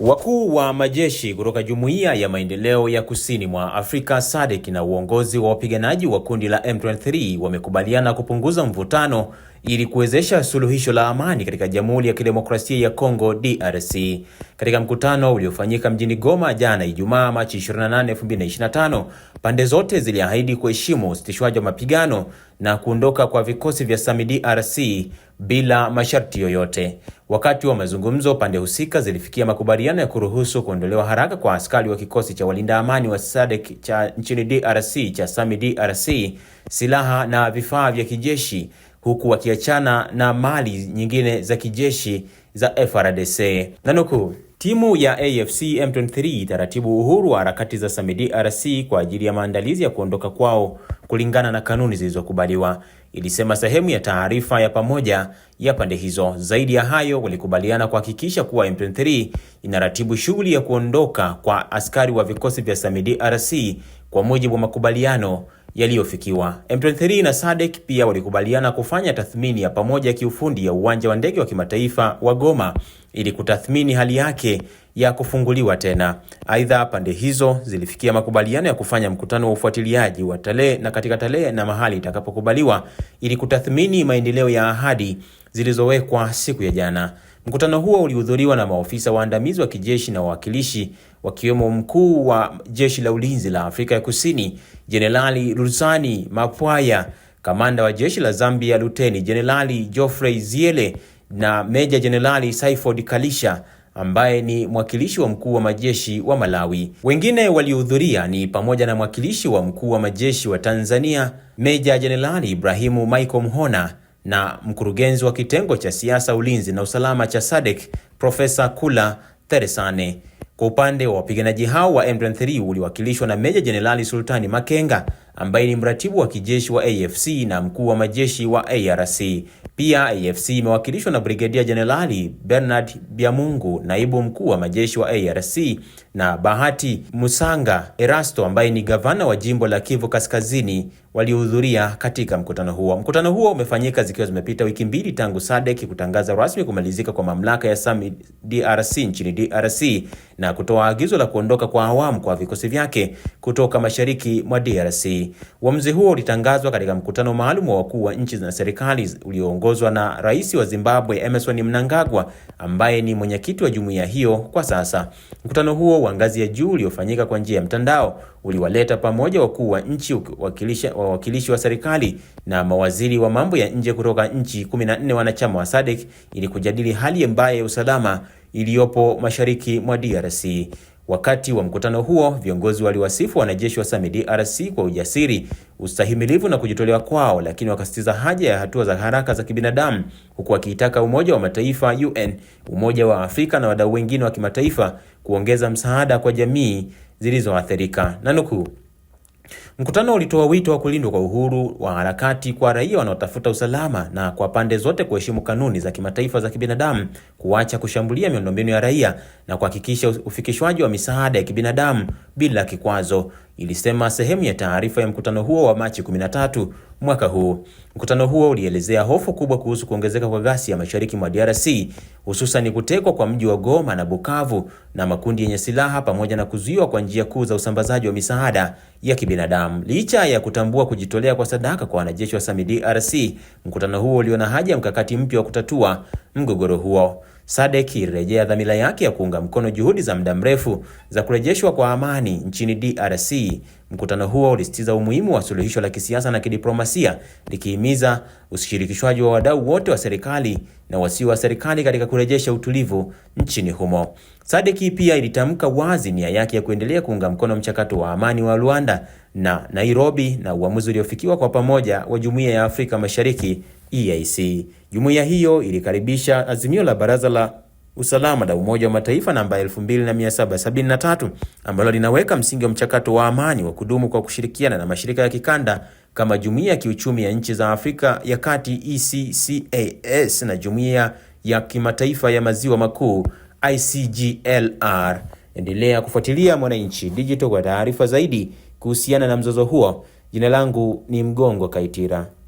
Wakuu wa majeshi kutoka Jumuiya ya Maendeleo ya Kusini mwa Afrika SADC na uongozi wa wapiganaji wa kundi la M23 wamekubaliana kupunguza mvutano ili kuwezesha suluhisho la amani katika Jamhuri ya Kidemokrasia ya Kongo DRC. Katika mkutano uliofanyika mjini Goma jana Ijumaa Machi 28, 2025, pande zote ziliahidi kuheshimu usitishwaji wa mapigano na kuondoka kwa vikosi vya SAMI DRC bila masharti yoyote. Wakati wa mazungumzo, pande husika zilifikia makubaliano ya kuruhusu kuondolewa haraka kwa askari wa kikosi cha walinda amani wa SADC cha nchini DRC cha SAMI DRC, silaha na vifaa vya kijeshi huku wakiachana na mali nyingine za kijeshi za FARDC. Nanukuu, timu ya AFC M23 itaratibu uhuru wa harakati za SAMIDRC kwa ajili ya maandalizi ya kuondoka kwao kulingana na kanuni zilizokubaliwa, ilisema sehemu ya taarifa ya pamoja ya pande hizo. Zaidi ya hayo, walikubaliana kuhakikisha kuwa M23 inaratibu shughuli ya kuondoka kwa askari wa vikosi vya SAMIDRC kwa mujibu wa makubaliano yaliyofikiwa. M23 na SADC pia walikubaliana kufanya tathmini ya pamoja ya kiufundi ya uwanja wa ndege wa kimataifa wa Goma ili kutathmini hali yake ya kufunguliwa tena. Aidha, pande hizo zilifikia makubaliano ya kufanya mkutano wa ufuatiliaji wa tarehe na katika tarehe na mahali itakapokubaliwa ili kutathmini maendeleo ya ahadi zilizowekwa siku ya jana. Mkutano huo ulihudhuriwa na maofisa waandamizi wa kijeshi na wawakilishi wakiwemo mkuu wa jeshi la ulinzi la Afrika ya Kusini Jenerali Rusani Mapwaya, kamanda wa jeshi la Zambia Luteni Jenerali Geoffrey Ziele na Meja Jenerali Saiford Kalisha ambaye ni mwakilishi wa mkuu wa majeshi wa Malawi. Wengine waliohudhuria ni pamoja na mwakilishi wa mkuu wa majeshi wa Tanzania Meja Jenerali Ibrahimu Michael Mhona na mkurugenzi wa kitengo cha siasa, ulinzi na usalama cha SADC Profesa Kula Teresane. Kwa upande wa wapiganaji hao wa M23 uliwakilishwa na Meja Jenerali Sultani Makenga ambaye ni mratibu wa kijeshi wa AFC na mkuu wa majeshi wa ARC. Pia AFC imewakilishwa na Brigedia Jenerali Bernard Byamungu, naibu mkuu wa majeshi wa ARC na Bahati Musanga Erasto ambaye ni gavana wa jimbo la Kivu Kaskazini walihudhuria katika mkutano huo. Mkutano huo umefanyika zikiwa zimepita wiki mbili tangu SADC kutangaza rasmi kumalizika kwa mamlaka ya SAMI DRC nchini DRC na kutoa agizo la kuondoka kwa awamu kwa vikosi vyake kutoka mashariki mwa DRC. Uamuzi huo ulitangazwa katika mkutano maalum wa wakuu wa nchi na serikali ulioongozwa na Rais wa Zimbabwe Emmerson Mnangagwa ambaye ni mwenyekiti wa jumuiya hiyo kwa sasa. Mkutano huo wa ngazi ya juu uliofanyika kwa njia ya mtandao uliwaleta pamoja wakuu wa nchi, wawakilishi wa serikali na mawaziri wa mambo ya nje kutoka nchi 14 wanachama wa SADC ili kujadili hali mbaya ya usalama iliyopo mashariki mwa DRC. Wakati wa mkutano huo, viongozi waliwasifu wanajeshi wa SAMI DRC kwa ujasiri, ustahimilivu na kujitolea kwao, lakini wakasitiza haja ya hatua za haraka za kibinadamu, huku wakiitaka Umoja wa Mataifa UN, Umoja wa Afrika na wadau wengine wa kimataifa kuongeza msaada kwa jamii zilizoathirika. Nanukuu, Mkutano ulitoa wito wa kulindwa kwa uhuru wa harakati kwa raia wanaotafuta usalama na kwa pande zote kuheshimu kanuni za kimataifa za kibinadamu, kuacha kushambulia miundombinu ya raia na kuhakikisha ufikishwaji wa misaada ya kibinadamu bila kikwazo ilisema sehemu ya taarifa ya mkutano huo wa Machi 13 mwaka huu. Mkutano huo ulielezea hofu kubwa kuhusu kuongezeka kwa ghasia mashariki mwa DRC, hususan kutekwa kwa mji wa Goma na Bukavu na makundi yenye silaha pamoja na kuzuiwa kwa njia kuu za usambazaji wa misaada ya kibinadamu. Licha ya kutambua kujitolea kwa sadaka kwa wanajeshi wa SAMI DRC, mkutano huo uliona haja ya mkakati mpya wa kutatua mgogoro huo. SADC ilirejea dhamira yake ya kuunga mkono juhudi za muda mrefu za kurejeshwa kwa amani nchini DRC. Mkutano huo ulisisitiza umuhimu wa suluhisho la kisiasa na kidiplomasia, likihimiza ushirikishwaji wa wadau wote wa serikali na wasio wa serikali katika kurejesha utulivu nchini humo. SADC pia ilitamka wazi nia yake ya kuendelea kuunga mkono mchakato wa amani wa Luanda na Nairobi na uamuzi uliofikiwa kwa pamoja wa Jumuiya ya Afrika Mashariki EAC. Jumuiya hiyo ilikaribisha azimio la Baraza la Usalama la Umoja wa Mataifa namba 2773 ambalo linaweka msingi wa mchakato wa amani wa kudumu kwa kushirikiana na mashirika ya kikanda kama Jumuiya ya Kiuchumi ya Nchi za Afrika ya Kati ECCAS na Jumuiya ya Kimataifa ya Maziwa Makuu ICGLR. Endelea kufuatilia Mwananchi Digital kwa taarifa zaidi kuhusiana na mzozo huo. Jina langu ni Mgongo Kaitira.